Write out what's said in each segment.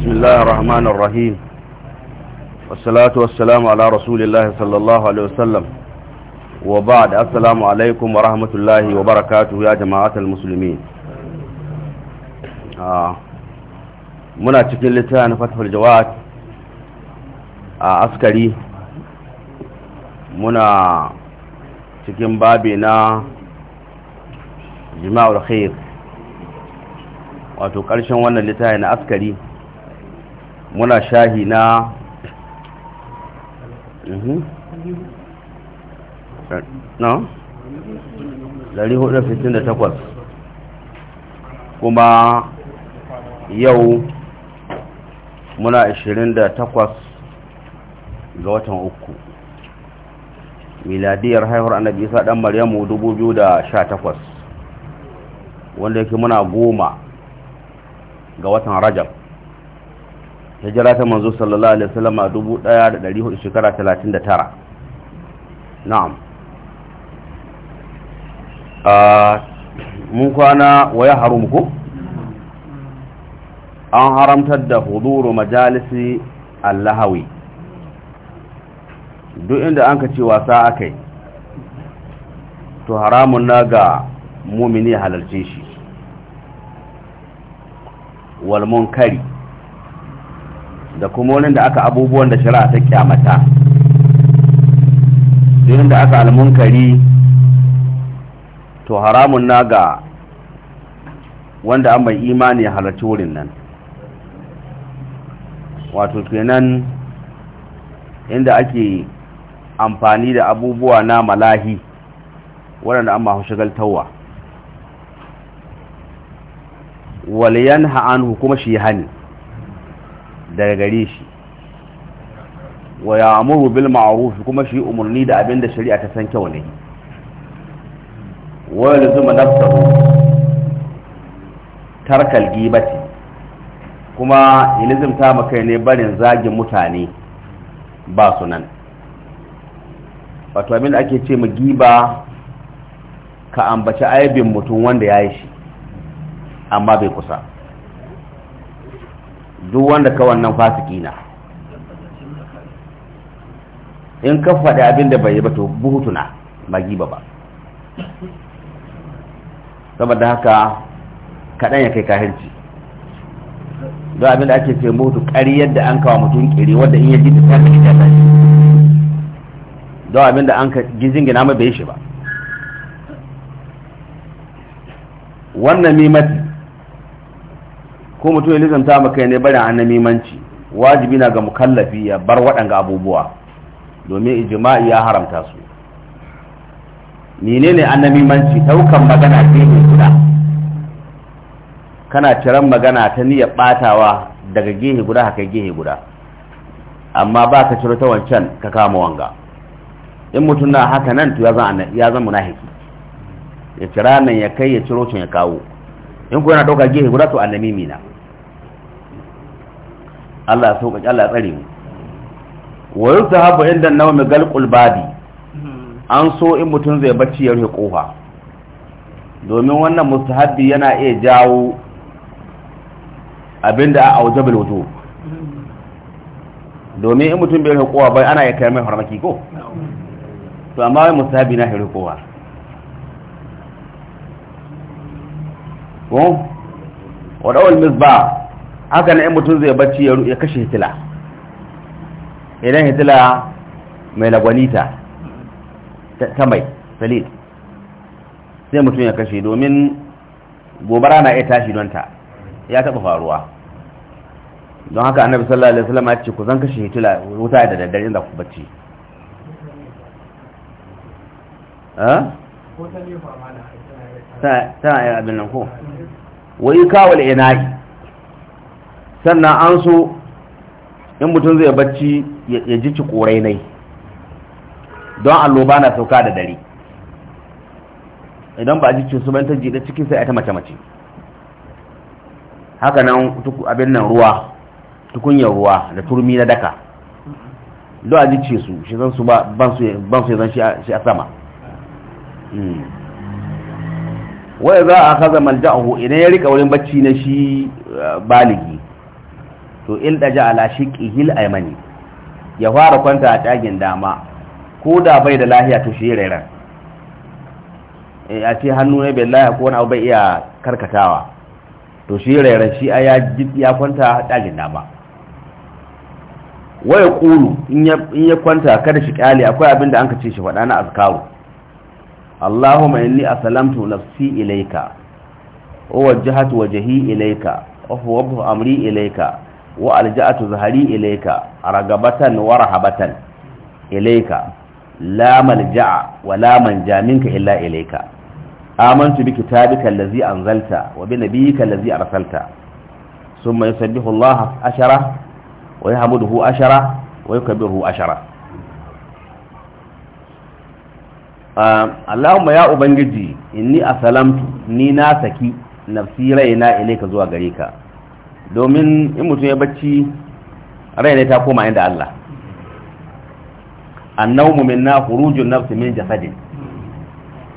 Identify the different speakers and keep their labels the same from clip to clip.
Speaker 1: بسم الله الرحمن الرحيم والصلاة والسلام على رسول الله صلى الله عليه وسلم وبعد السلام عليكم ورحمة الله وبركاته يا جماعة المسلمين آه. منا تكين لتان فتح الجواد آه عسكري منا تكين بابنا جماع الخير wato ƙarshen wannan littafi na askari muna shahi na mhm. na 468 kuma yau muna 28 ga watan uku miladiyar haihuwar annabi isa dan maryamu 2018 wanda yake muna goma ga watan rajab hijira ta manzo sallallahu alaihi wasallam a 1400 shekara 39 na'am a mun kwana waya harum ku an haramtar da huduru majalisi allahawi duk inda an ka ce wasa akai to haramun na ga mumini halarce shi wal munkari da kuma wani da aka abubuwan da shari'a ta kyamata duk da aka almunkari to haramun na ga wanda an bai imani ya halarci wurin nan wato kenan inda ake amfani da abubuwa na malahi waɗanda an mahu shagaltarwa waliyan ha'an kuma shi hani daga gare shi wa ya'muru bil ma'ruf kuma shi umarni da abin da shari'a ta san kyau ne wa lazuma nafsahu tarkal gibati kuma ta maka ne barin zagin mutane ba su nan wato abin da ake ce mu giba ka ambaci aibin mutum wanda ya yi shi amma bai kusa duk wanda ka wannan fasiki na in ka faɗi abin da bai yi ba to buhutuna ba giba ba saboda haka kaɗan ya kai kahirci don abin da ake ce mutu ƙaryar da an kawo mutum ƙiri wadda in ya ji ta ta ta ta don abin da an ka gizin gina mai bai shi ba wannan mimati ko mutum ya nizanta maka ne a annamimanci wajibi na ga mukallafi ya bar waɗanga abubuwa domin ijima'i ya haramta su menene annamimanci daukan magana ce ne guda kana ciran magana ta niyyar batawa daga gehe guda haka gehe guda amma ba ka ciro ta wancan ka kama wanga in mutum na haka nan to ya zan munahiki ya cira nan ya kai ya ciro can ya kawo in ku yana dauka gehe guda to annamimi na Allah ya sauƙaƙe Allah ya tsare mu wa yusahabu inda nawmi galqul babi an so in mutum zai bacci ya rufe kofa domin wannan mustahabbi yana iya jawo abinda a aujabul wudu domin in mutum bai rufe kofa bai ana ya kai mai farmaki ko to amma wai mustahabbi na rufe kofa ko wa dawal misbah haka na in mutum zai bacci ya kashe hitila idan hitila mai lagwanita ta mai salid sai mutum ya kashe domin gobara na iya tashi don ta ya taɓa faruwa don haka annabi sallallahu alaihi wasallam ya ce ku zan kashe hitila wuta da daddare inda ku bacci tana abin nan ko wai kawo al'inai sannan an so in mutum zai bacci ya ji ci korai nai don alloba na sauka da dare idan ba a ji su ta ji da cikin sai a ta mace-mace haka nan abin nan ruwa tukunyar ruwa da turmi na daka don a ji su shi zan su ban su ya zan shi a sama hmm. wai za a kaza malja'ahu idan ya rika wurin bacci na shi eh, baligi to in ildaja ala shiqihil aymani ya fara kwanta a tagin dama ko da bai da lahiya to shi rairan eh, a ce hannu ne bai lahiya ko wani abu bai iya karkatawa to shi rairan shi a ya kwanta a tagin dama waya kulu in ya kwanta kada shi kyale akwai abin da an ka ce shi faɗa na azkaru Allahumma inni asalamtu nafsi ilaika wa wajjahatu wajhi ilaika wa huwa amri ilaika wa alja'atu zahari ilayka ragabatan wa rahabatan ilayka la malja'a wa la manja minka illa ilayka amantu bi kitabika allazi anzalta wa bi nabiyyika allazi arsalta thumma yusabbihu Allah ashara wa yahmuduhu ashara wa yukabbiruhu ashara ah, Allahumma ya ubangiji inni asalamtu ni na saki nafsi raina ilayka zuwa gare ka domin in mutum ya bacci rai ne ta koma inda Allah min na hurujun nafsi min jasadin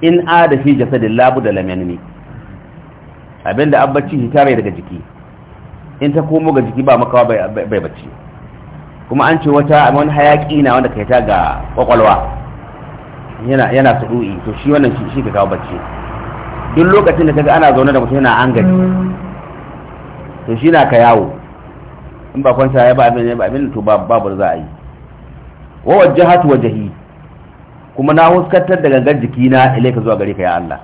Speaker 1: in da fi jasadin labu da lamanni abinda shi tare daga jiki in ta komo ga jiki ba makawa bai bacci kuma an ce wata wani hayaki na wanda ka ta ga kwakwalwa yana yana ɗu'i, to shi wannan shi ka kawo bacci duk lokacin da ta ga ana zaune da mutum yana an gani to shi na ka yawo in ba kwanta ya ba abin ya ba abin to babu za a yi wa wajjahatu wajhi kuma na huskantar da na jikina ka zuwa gare ka ya Allah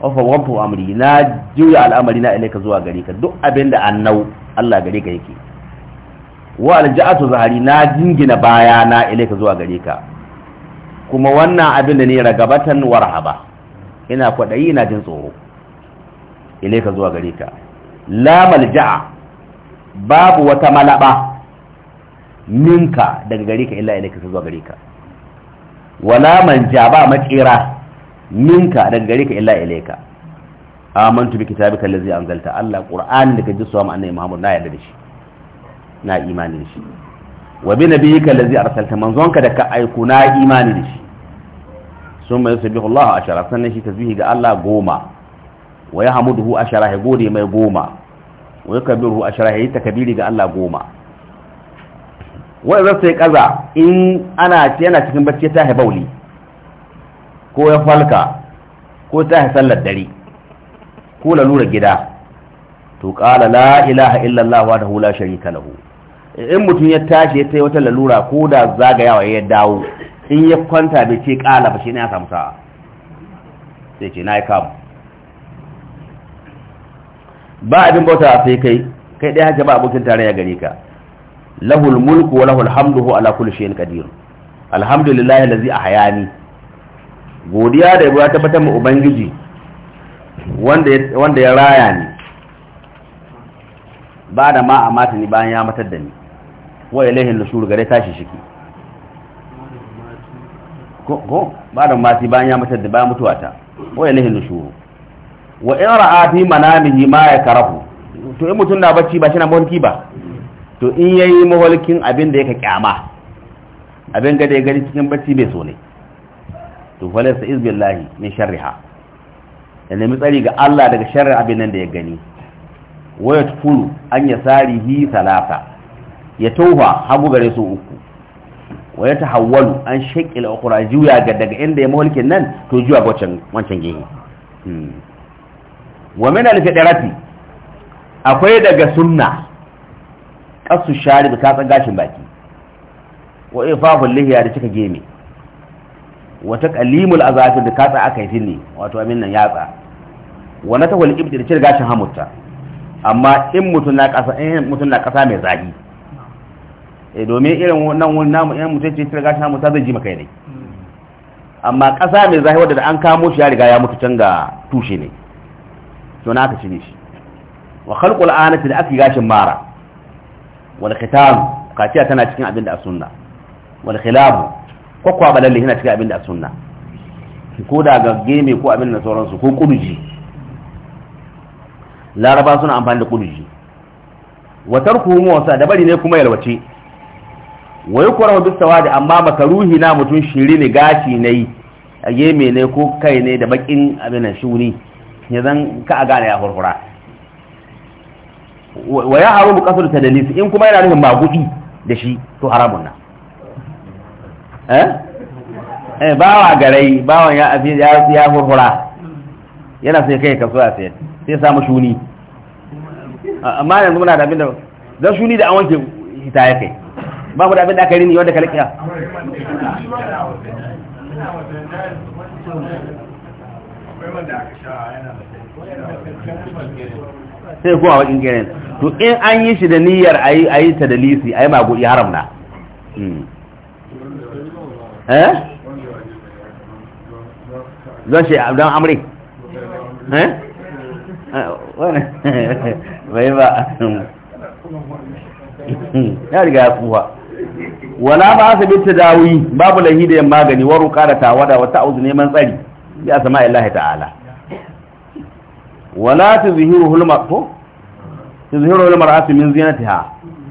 Speaker 1: wa fawwabtu amri na juya al'amari na ka zuwa gare ka duk abin da annau Allah gare ka yake wa alja'atu zahari na jingina baya na ka zuwa gare ka kuma wannan abin da ne ragabatan warhaba ina kwadayi na jin tsoro ka zuwa gare ka la malja'a babu wata malaba minka daga gare ka illa ilaika zuwa gare ka wala ja ba matsira minka daga gare ka illa ilaika amantu bi kitabika allazi anzalta Allah qur'ani da kaji suwa annabi Muhammad na yarda da shi na imani da shi wa bi nabiyyika allazi arsalta manzonka da ka aiko na imani da shi summa yusabbihu Allah ashara sannan shi tasbihi ga Allah goma wa ya hu a ya gode mai goma wa ya kabiru a ya yi takabiri ga Allah goma wani zai sai kaza in ana yana cikin bacci ta bauli ko ya falka ko ta sallar dare ko lalura gida to kala la ilaha illa wa wahdahu la sharika lahu in mutum ya tashi ya yi wata lalura ko da zagayawa ya dawo in ya kwanta bai ce kala ba shi ne ya samu sa'a sai ce na yi kamu ba abin bauta a sai kai kai dai haka ba abokin tarayya gare ka lahul mulku wa lahul hamdu huwa ala kulli shay'in qadir alhamdulillah allazi ahyani godiya da ya tabbatar mu ubangiji wanda wanda ya raya ni ba da ma amata ni bayan ya matar da ni wa ilaihi nushur gare tashi shiki ko ko ba da mati bayan ya matar da bayan ta wa ilaihi nushur wa in ra'a fi manamihi ma ya karahu to in mutum na bacci ba shi na mulki ba to in yayi maholkin abin da yake kyama abin da ya gani cikin bacci bai so ne to falaysa izbillahi min sharriha ya nemi tsari ga Allah daga sharri abin nan da ya gani waya tufuru an ya sarihi salasa ya tauha hagu gare su uku waya ta hawwalu an shakil ukura juya ga daga inda ya maholkin nan to juya ga wancan wancan wa min al fidrati akwai daga sunna kasu sharib da san gashin baki wa ifaful lihiya da cika geme wa taqlimul azafir da katsa aka yi ne wato amin nan yatsa wa natawal ibdi da cire gashin hamutta amma in mutun na kasa in mutun na kasa mai zahi eh domin irin wannan wani namu in mutun ce gashin hamutta zai ji maka ne hmm. amma kasa mai zahi wadda an kamo shi ya riga ya mutu can ga tushe ne to na ka cire shi wa khalqul anati da aka gashin mara wal khitam kaciya tana cikin abin da a sunna wal khilabu kwakwa balalle yana cikin abin da a sunna ko da ga game ko abin da sauransu ko kuduji laraba suna amfani da kuduji wa tarkuhu wasa da bari ne kuma yalwace wa yukrahu bisa sawadi amma makaruhi na mutun shiri ne gashi ne a geme ne ko kai ne da bakin abin nan shuri ya zan ka a gane ya furfura wa ya haramu kasar ta dalis in kuma yana nufin magudi da shi to haramun na eh? eh bawa garai wa ya afi ya ya furfura yana sai kai kaso a sai sai samu shuni amma yanzu muna da abin da zan shuni da an wanke hita ya kai ba mu da abin da aka rini wanda ka lakiya sai kuma wakin geren to in an yi shi da niyyar ayi ayi ta dalisi ayi ma gudi haram na
Speaker 2: hmm. eh don shi don amri eh, eh bai ba
Speaker 1: ya riga ya kuwa wala ba su bi tadawi babu lahi da magani waru da wada wata auzu neman tsari bi asma'illahi ta'ala wala tuzhiruhu al-mar'atu tuzhiruhu al-mar'atu min zinatiha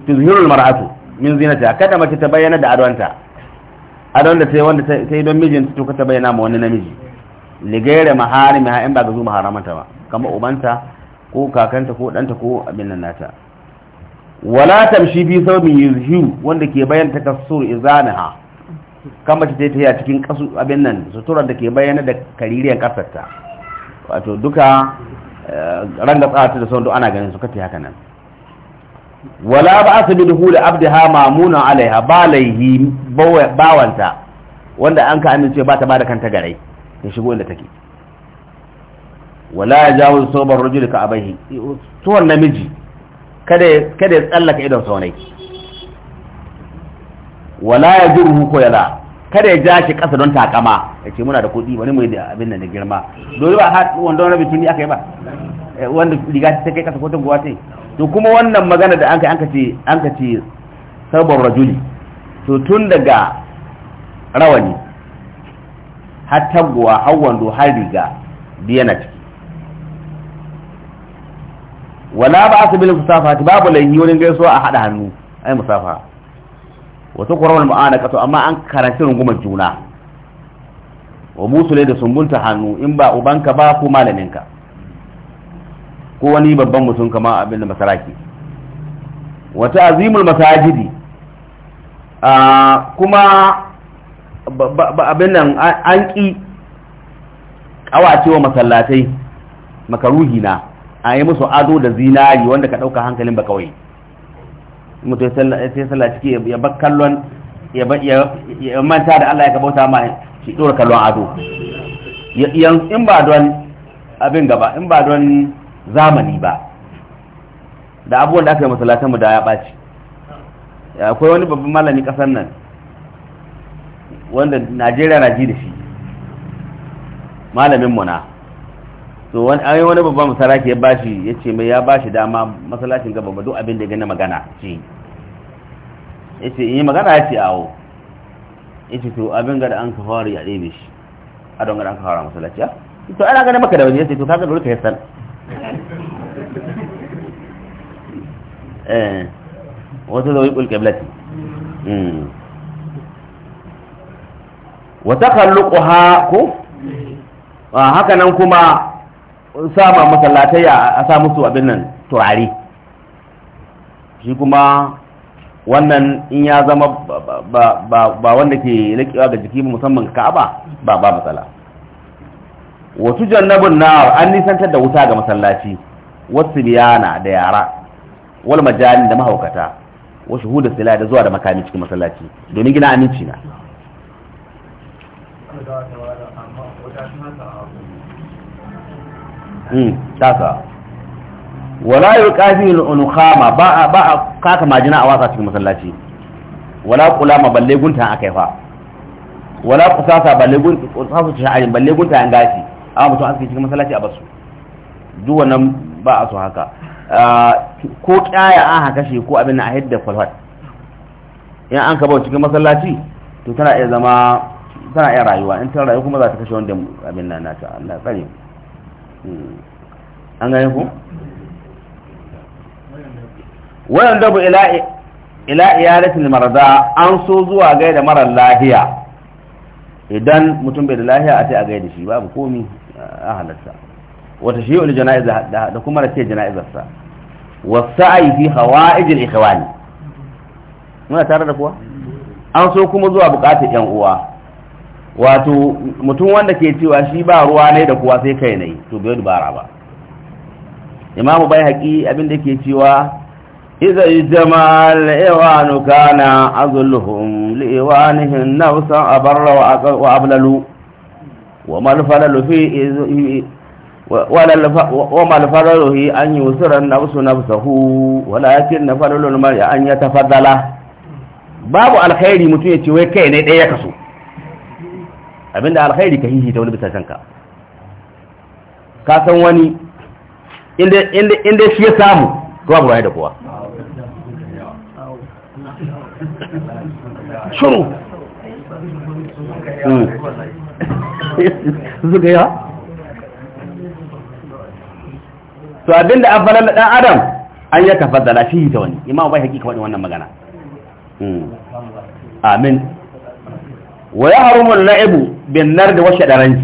Speaker 1: tuzhiru al-mar'atu min zinatiha kada mace ta bayyana da adwanta adon da wanda ta yi don mijinta to ka ta bayyana ma wani namiji ligaire maharimi ha in ba ga zuwa haramanta ba kamar ubanta ko kakanta ko danta ko abin nan nata wala tamshi fi thawbin yuzhiru wanda ke bayyana takassur izanaha kama mace ta yi cikin kasu abin nan suturar da ke bayyana da kaririyar kasarta wato duka eh, ranga tsata da sauran ana ganin su kace haka nan wala ba a sabi duhu da abdiha mamunan alaiha ba laihi bawanta wanda an ka amince ba ta ba da kanta garai ya shigo inda take wala ya jawo sobar rajuli ka abaihi tuwon namiji kada ya tsallaka idon saunai wala ya jurhu ko yala kada ya ja shi kasa don takama ya ce muna da kuɗi wani mu yi da abin da girma dole ba har wanda rabin tuni aka yi ba eh, wanda riga ta kai kasa ko guwa ta to kuma wannan magana da anka anka ce anka ce sabon rajuli to tun daga rawani har taguwa har wando har riga biya na ciki wala ba su bil musafahati babu laihi wurin gaisuwa a hada hannu ai musafa wata kurawar ma'ana kato amma an karanci rungumar juna wa musule da sumbunta hannu in ba ubanka ba ko malaminka ko wani babban mutum kama abin da masaraki wata azimul masajidi kuma abin nan an ƙi ƙawacewa masallatai makaruhi na a yi musu ado da zinari wanda ka ɗauka hankalin ba kawai mutum sai sallah ciki ya bar kallon ya manta da Allah ya kabauta ma shi dora kallon ado yanzu in ba don abin gaba in ba don zamani ba da abubuwan da aka yi masalatan mu da ya ɓaci akwai wani babban malami ƙasar nan wanda najeriya na ji da shi malamin mu na to wani ayi wani babban sarki ya bashi yace mai ya bashi dama masalacin gaba ba duk abin da gani magana ce yace in yi magana ya ci awo yace to abin ga da an ka fara ya ɗebe shi a don ga an ka fara ah. ya to ana ganin maka da wani yace to ka dole ruka yasan eh wata zawi kul Wata mm wa takhalluquha ku ah, haka nan kuma sama masallatai a sa musu abin nan turare shi kuma wannan in ya zama ba wanda ke rikewa ga jiki musamman ka'aba ba ba matsala wasu jannabin na an nisantar da wuta ga masallaci wasu biyana da yara wal majalin da mahaukata wasu huda sila da zuwa da makami cikin masallaci domin gina aminci na Hmm, tasa wala yuqafi al-unqama ba ba kaka majina a wasa cikin masallaci wala kulama balle gunta akai fa wala kusasa balle gunta qusasu sha'ari balle gunta an gashi amma mutum an cikin masallaci a basu duk wannan ba a so haka ah, ko kyaya an haka shi ko abin a hidda falwat in an ka bau cikin masallaci to tana iya zama tana iya rayuwa in ta rayu kuma za ta kashe wanda abin nan ta Allah tsare an gane ku wayan dabu ila iyalatin marada an so zuwa gaida marar lahiya idan mutum bai da lahiya a sai a gaida shi babu komi a halarta wata shi yau jana'iza da kuma sa, jana'izarsa wasa'i fi hawa'ijil ikhwani muna tare da kuwa an so kuma zuwa bukatar yan uwa wato mutum wanda ke cewa shi ba ruwa ne da kuwa sai kai ne to bai dubara ba imamu bai haƙi abin da ke cewa iza ijtama al-iwan kana azulhum li iwanihin nawsa abarra wa ablalu wa mal falalu fi وما الفضل هي أن يسر النفس نفسه ولكن فضل المرء أن يتفضله babu alkhairi mutum ya ce wai kai ne ɗaya kaso abinda alkhairi ka hihita wani bisa shanka ka san wani inda shi ya samu kuma buwaye da kowa
Speaker 2: shuru ga hmm. yawa
Speaker 1: su abinda an falalla ɗan adam an ta fadala shi ta wani imam bai hakika wani wannan magana hmm. amin wa ya al-la'ibu binnar da washe ɗaranci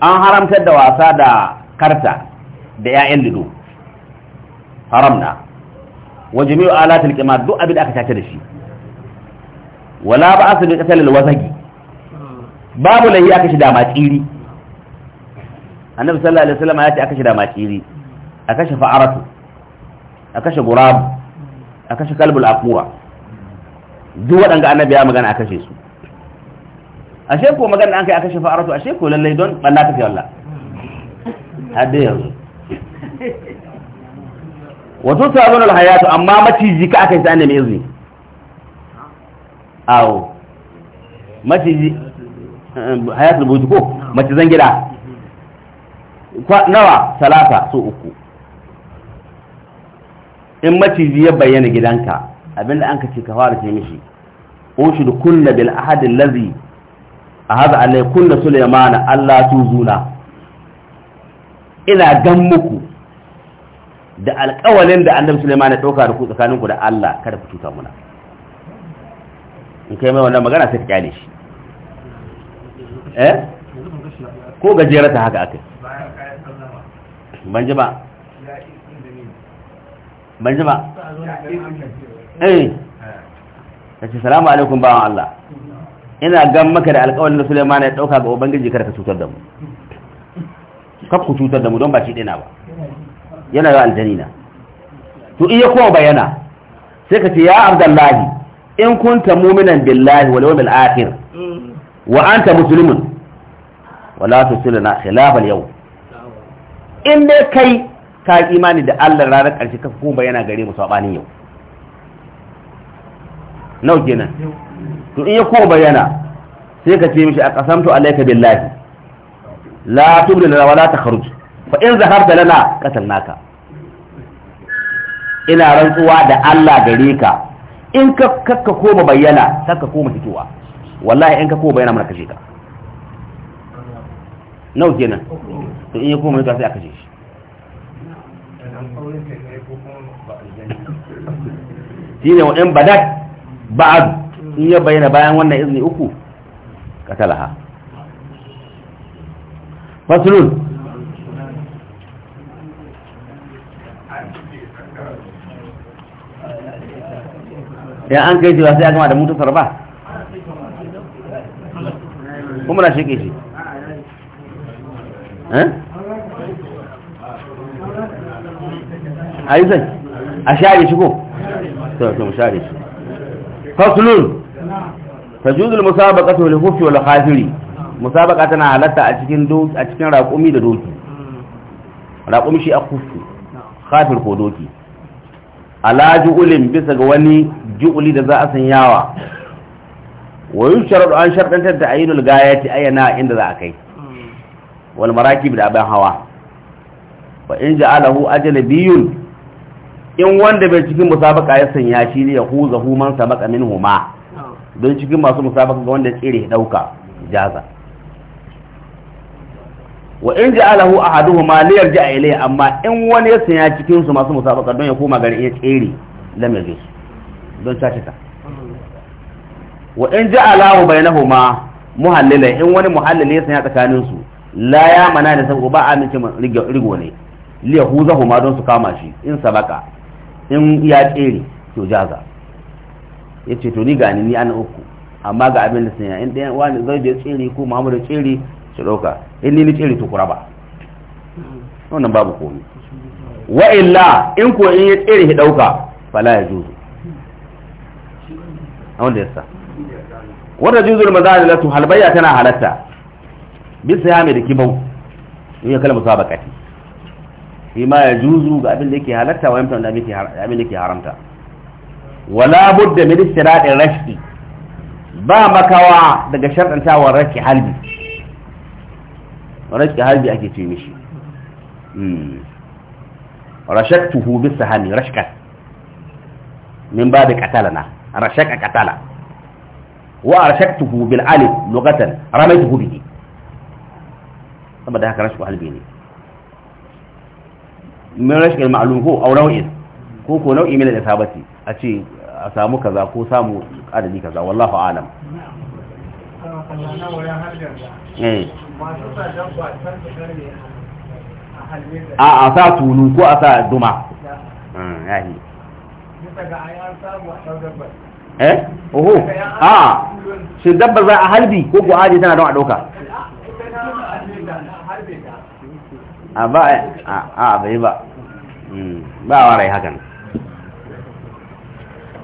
Speaker 1: an haramtar da wasa da karta da 'ya'yan haram na. wa jami'u alatul qimar duk abin da aka tace da shi wala ba asu bi qatl al-wasaqi babu lahi aka shi da matsiri annabi sallallahu alaihi wasallam ya ce aka shi da matsiri aka shi fa'aratu aka shi gurab aka shi kalbul aqura duk waɗanda annabi ya magana aka shi su ashe ko magana an kai aka shafa aratu ashe ko lallai don banna ta fi wallah hadde yanzu wato sabon alhayatu amma maciji ka aka yi ta izini awo maciji eh, hayatul buju ko zan gida nawa talata so uku in maciji ya bayyana gidanka abinda an ka ce ka fara ce mishi ushud kulla bil ahadin lazi a haza alai kunna sulaimana Allah tuzuna ina gan muku da alƙawalin da annabi sulaimana ya ɗauka da ku tsakaninku da Allah kada ku tuta muna in kai mai wannan magana sai ka kyale shi
Speaker 2: eh ko gajera ta haka akai
Speaker 1: ban ji ba ban ji ba eh kace salamu alaikum ba Allah ina gan maka da alƙawarin da Sulaiman ya dauka ga ubangiji kada ka cutar da mu kar ku cutar da mu don ba shi dina ba yana ga aljanina to iya ko bayana sai ka ce ya abdullahi in kunta mu'minan billahi wal yawmil akhir wa anta muslimun wala tusilna khilaf al yawm in dai kai ka imani da Allah ranar karshe ka kuma bayana gare mu sabanin yau nau kenan to in ya ko bayyana sai ka ce mishi a kasamtu alayka billahi la tubli lana wala takhruj fa in zahabta lana qatalnaka ina rantsuwa da Allah gare ka in ka kakka koma bayyana kakka koma fitowa wallahi in ka koma bayyana mana kashe ka nau kenan to in ya koma mutuwa sai aka kashe shi shine wa in badat ba'd in ya bayyana bayan wannan izini uku katalaha fasulun ya an kai jiwa sai ya gama da mutusar ba
Speaker 2: kuma na ke shi eh? a yi zai a share
Speaker 1: shi ko? sai wata mu share shi fasulun tajuzul musabaqatu lil hufi wal khafiri musabaqa tana halatta a cikin doki a cikin raƙumi da doki raqumi shi a khafir ko doki ala ju'ulin bisa ga wani ju'uli da za a san yawa. wa yusharadu an shartantar da ayinul gayati ayyana inda za a kai wal marakib da abin hawa wa in ja'alahu ajnabiyun in wanda bai cikin musabaqa ya sanya shi ne ya huza human sabaka minhuma don cikin masu musabaka ga wanda tsere dauka jaza wa in ja'alahu ahaduhuma li yarji'a ilayhi amma in wani ya sanya cikin su masu musabaka don ya koma gari ya tsere lam yarji don ta wa in ja'alahu bainahuma muhallila in wani muhallili ya sanya tsakanin su la ya mana da sabu ba amince rigo ne li yahuzahuma don su kama shi in sabaka in ya tsere to jaza ya ce to ni ga ni an uku amma ga abin da sanya in ɗayan wani zai da tsiri ko muhammadu tsiri su ɗauka in ni ni tsiri to kura ba wannan babu komi wa illa in ko in ya tsiri shi ɗauka fala ya juzu a wanda yasa wanda juzul latu halbayya tana halatta bisa ya mai da kibau in ya kalma sabakati shi ma ya juzu ga abin da yake halatta wa yamta da abin da yake haramta wala budda min istiraɗin rashdi ba makawa daga sharɗantawar rashki halbi rashki halbi ake ce mishi rashaktuhu bisa hani rashkat min ba da katalana rashaka katala wa rashaktuhu bil alif lugatan ramaituhu bihi saboda haka rashku halbi ne min rashkil ma'lum ko aw nau'in ko ko nau'i min al-isabati a ce a samu kaza ko samu adadi kaza wallahu alam
Speaker 2: eh. a a sa
Speaker 1: tulu ko a sa duma hmm, yahi eh oho a shi dabba za a halbi ko ko aje tana don a dauka a ba a bai ba hmm, ba a warai hakan